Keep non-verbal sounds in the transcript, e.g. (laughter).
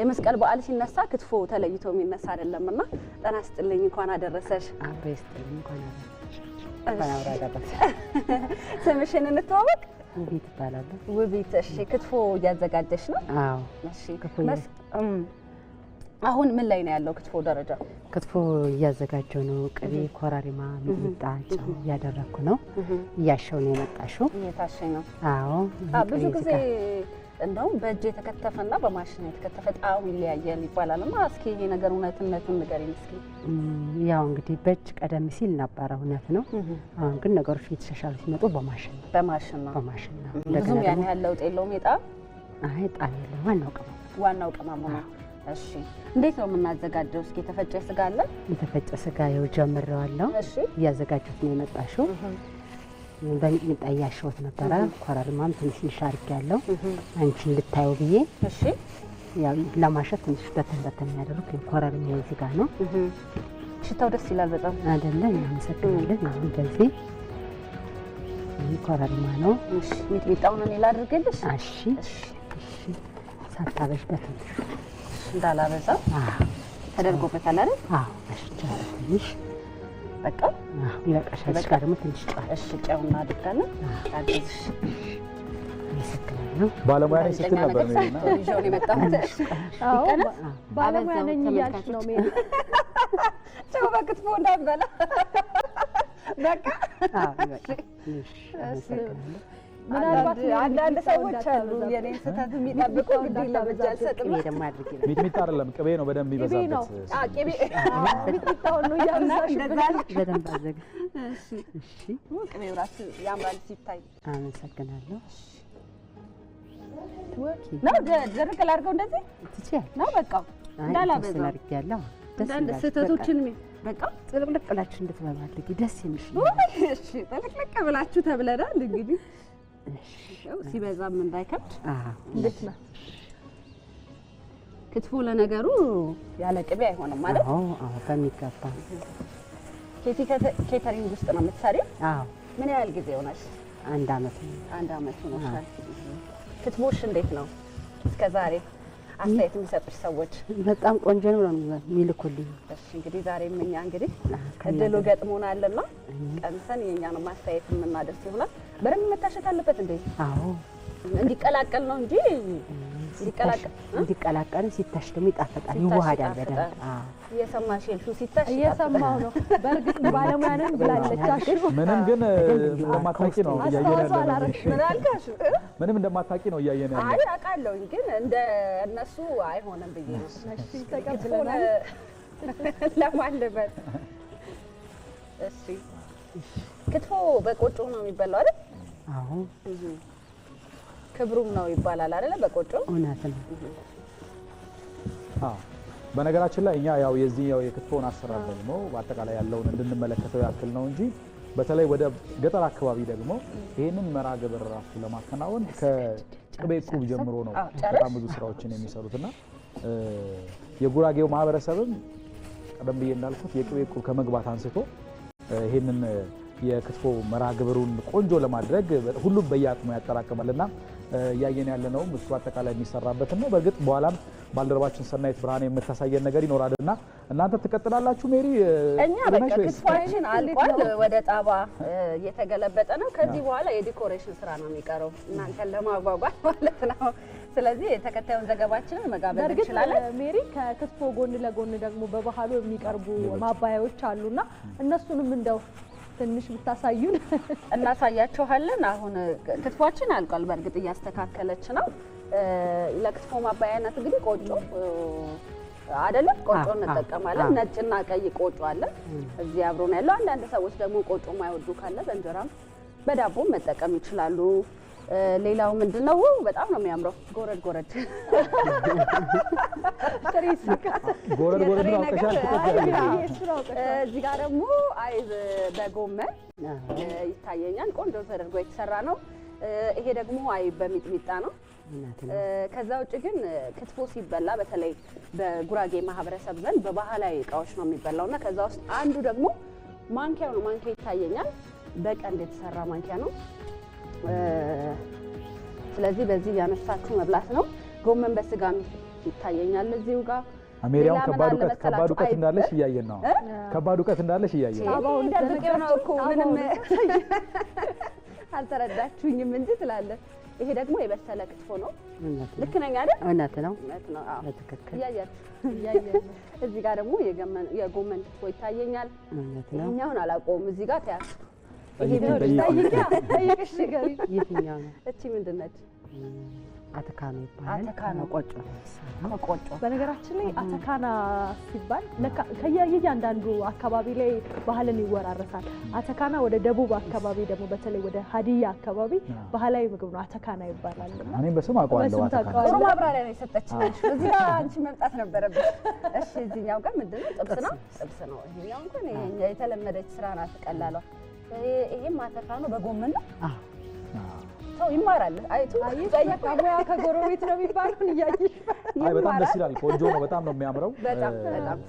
የመስቀል በዓል ሲነሳ ክትፎ ተለይቶ የሚነሳ አይደለም እና ጤና ይስጥልኝ፣ እንኳን አደረሰሽ። ስምሽን እንተዋወቅ። ውቢት እባላለሁ። ውቢት፣ እሺ። ክትፎ እያዘጋጀሽ ነው? አዎ። እሺ። አሁን ምን ላይ ነው ያለው ክትፎ ደረጃ? ክትፎ እያዘጋጀው ነው። ቅቤ፣ ኮራሪማ፣ ሚጥሚጣ፣ ጨው እያደረግኩ ነው። እያሸው ነው የመጣሽው? እየታሸ ነው። አዎ። ብዙ ጊዜ እንደውም በእጅ የተከተፈና በማሽን የተከተፈ ጣዕሙ ይለያያል ይባላል እና እስኪ ይሄ ነገር እውነትነቱን ንገሪኝ እስኪ። ያው እንግዲህ በእጅ ቀደም ሲል ነበረ፣ እውነት ነው። አሁን ግን ነገሮች እየተሻሻሉ ሲመጡ በማሽን ነው በማሽን ነው በማሽን ነው። ብዙም ያን ያህል ለውጥ የለውም። የጣም አይ ጣም የለም። ዋናው ቅመም ዋናው ቅመም ነው። እሺ እንዴት ነው የምናዘጋጀው? እስኪ የተፈጨ ስጋ አለ። የተፈጨ ስጋ ያው ጀምሬዋለሁ። እሺ እያዘጋጀሁት ነው የመጣሽው በሚጥሚጣ እያሸሁት ነበረ። ኮረሪማም ትንሽ ትንሽ ያለው አንቺ እንድታዩ ብዬ ለማሸት ትንሽ በተን በተን ያደረኩ ኮረሪማ እዚህ ጋር ነው። ሽታው ደስ ይላል በጣም አይደለ? እናመሰግናለን። አሁን በዚህ ኮረሪማ ነው። ሚጥሚጣውን እኔ ላድርግልሽ። እሺ፣ ሳታበዥ በትንሽ እንዳላበዛ ተደርጎበታል አይደል? አዎ፣ እሺ። ትንሽ በቃ ይበቃሻል። እዚህ ጋር ደግሞ ትንሽ ጨው፣ እሺ ጨው እናድርጋለን። አዲስ ባለሙያ ነኝ ስትል ነበር ባለሙያ ነኝ እያልሽ ነው። ጨው በክትፎ እንዳትበላ በቃ ምናልባት አንዳንድ ሰዎች አሉ የኔን ስህተት የሚጠብቁ ግድ የለም አልሰጥም። ሚጥሚጣ አይደለም ቅቤ ነው በደንብ የሚበዛበት ሚጥሚጣውን ነው እያበዛሽበት። በደንብ አዘግ ቅቤው እራሱ ያምራል ሲታይ። አመሰግናለሁ። ነው ድርቅ ላድርገው እንደዚህ ትችያለሽ ነው በቃ እንዳላበዛ አድርጌያለሁ። ስህተቶችን በቃ ጥልቅልቅ ብላችሁ እንድትበማልጊ ደስ የሚል ጥልቅልቅ ብላችሁ ተብለናል እንግዲህ ሲበዛም እንዳይከብድ እንዴት ነው ክትፎ? ለነገሩ ያለ ቅቤ አይሆንም ማለት ነው። በሚገባ ኬተሪንግ ውስጥ ነው የምትሰሪው? ምን ያህል ጊዜ ሆነሽ? አንድ አመት ነው። አንድ አመት ነው። ክትፎሽ እንዴት ነው እስከ ዛሬ? አስተያየት የሚሰጡች ሰዎች በጣም ቆንጆ ነው ነው የሚልኩልኝ። እሺ እንግዲህ ዛሬም እኛ እንግዲህ እድሉ ገጥሞናልና ቀምሰን ነው ማስተያየት የምናደርስ ይሆናል። በደንብ መታሸት አለበት እንዴ? አዎ እንዲቀላቀል ነው እንጂ እንዲቀላቀል ሲታሽ ደግሞ ይጣፍጣል፣ ይዋሃዳል በደንብ። እየሰማሽ የልሹ ሲታሽ እየሰማሁ ነው። በእርግጥ ባለሙያ ነን ብላለች። ምንም ግን እንደማታውቂ ነው እያየን ያለነው። ምንም እንደማታውቂ ነው እያየን ያለነው። አይ አውቃለሁኝ፣ ግን እንደ እነሱ አይሆንም ብዬ (laughs) ለማልበት። እሺ ክትፎ በቆጮ ነው የሚበላው አይደል? አዎ ክብሩም ነው ይባላል አይደለ? በቆጮ እውነት ነው። አዎ በነገራችን ላይ እኛ ያው የዚህ ያው የክትፎን አሰራር ደግሞ በአጠቃላይ ያለውን እንድንመለከተው ያክል ነው እንጂ በተለይ ወደ ገጠር አካባቢ ደግሞ ይህንን መርሃ ግብር ራሱ ለማከናወን ከቅቤ ቁብ ጀምሮ ነው በጣም ብዙ ስራዎችን ና የጉራጌው ማህበረሰብም ቀደም ብዬ እንዳልኩት የቅቤ ቁብ ከመግባት አንስቶ ይህንን የክትፎ መርሃ ግብሩን ቆንጆ ለማድረግ ሁሉም በየአቅሙ እና። እያየን ያለ ነው እሱ አጠቃላይ የሚሰራበትን ነው። በእርግጥ በኋላም ባልደረባችን ሰናይት ብርሃን የምታሳየን ነገር ይኖራል እና እናንተ ትቀጥላላችሁ። ሜሪ እኛ በቃ አልቋል፣ ወደ ጣባ እየተገለበጠ ነው። ከዚህ በኋላ የዲኮሬሽን ስራ ነው የሚቀረው እናንተን ለማጓጓት (laughs) ማለት ነው። ስለዚህ የተከታዩን ዘገባችንን መጋበዝ እንችላለን። ሜሪ ከክትፎ ጎን ለጎን ደግሞ በባህሉ የሚቀርቡ ማባያዎች አሉና እነሱንም እንደው ትንሽ ብታሳዩን (laughs) እናሳያችኋለን። አሁን ክትፏችን አልቋል። በእርግጥ እያስተካከለች ነው። ለክትፎ ማባያነት እንግዲህ ቆጮ አይደለም ቆጮ እንጠቀማለን። ነጭና ቀይ ቆጮ አለ እዚህ አብሮን ያለው። አንዳንድ ሰዎች ደግሞ ቆጮ ማይወዱ ካለ በእንጀራም በዳቦ መጠቀም ይችላሉ። ሌላው ምንድነው? በጣም ነው የሚያምረው። ጎረድ ጎረድ (laughs) ጎረድ ጎረድ አውቀሻል። እዚህ ጋር ደግሞ አይብ በጎመን ይታየኛል። ቆንጆ ተደርጎ የተሰራ ነው። ይሄ ደግሞ አይብ በሚጥሚጣ ነው። ከዛ ውጭ ግን ክትፎ ሲበላ በተለይ በጉራጌ ማህበረሰብ ዘንድ በባህላዊ እቃዎች ነው የሚበላው እና ከዛ ውስጥ አንዱ ደግሞ ማንኪያው ነው። ማንኪያ ይታየኛል። በቀንድ የተሰራ ማንኪያ ነው። ስለዚህ በዚህ እያነሳችሁ መብላት ነው። ጎመን በስጋ ይታየኛል እዚሁ ጋር አሜሪያው ከባድ እውቀት ከባድ እውቀት እንዳለሽ እያየን ነው። ከባድ እውቀት እንዳለሽ እያየን ነው። አባው እንደምቀው ነው እኮ ምንም አልተረዳችሁኝም እንጂ ትላለ። ይሄ ደግሞ የበሰለ ክትፎ ነው። ልክ ነኝ አይደል? እውነት ነው። እውነት ነው። አዎ በትክክል እያያችሁ እያያችሁ። እዚህ ጋር ደግሞ የገመን የጎመን ክትፎ ይታየኛል። እውነት ነው። እኛውን አላውቀውም። እዚህ ጋር ታያ ይሄ ምንድን ነው? ይሄ ምንድን ነው? እቺ ምንድን ነች? አተካና ይባላል። መቆጮ መቆጮ። በነገራችን ላይ አተካና ሲባል ከየእያንዳንዱ አካባቢ ላይ ባህልን ይወራረሳል። አተካና ወደ ደቡብ አካባቢ ደግሞ በተለይ ወደ ሀዲያ አካባቢ ባህላዊ ምግብ ነው፣ አተካና ይባላል። እኔ በስም አውቀዋለሁ። ጥሩ ማብራሪያ ነው የሰጠችው። እዚህ ጋር አንቺ መምጣት ነበረብሽ። እሺ፣ እዚህኛው ጋር ምንድን ነው? ጥብስ ነው፣ ጥብስ ነው። ይሄኛው እንኳን የተለመደች ስራ ናት፣ ቀላሏ። ይሄም አተካ ነው፣ በጎመን ነው ሰው ይማራል። አይቱ ሙያ ከጎረቤት ነው የሚባለው። እያየሽ በጣም ደስ ይላል። ቆንጆ ነው። በጣም ነው የሚያምረው።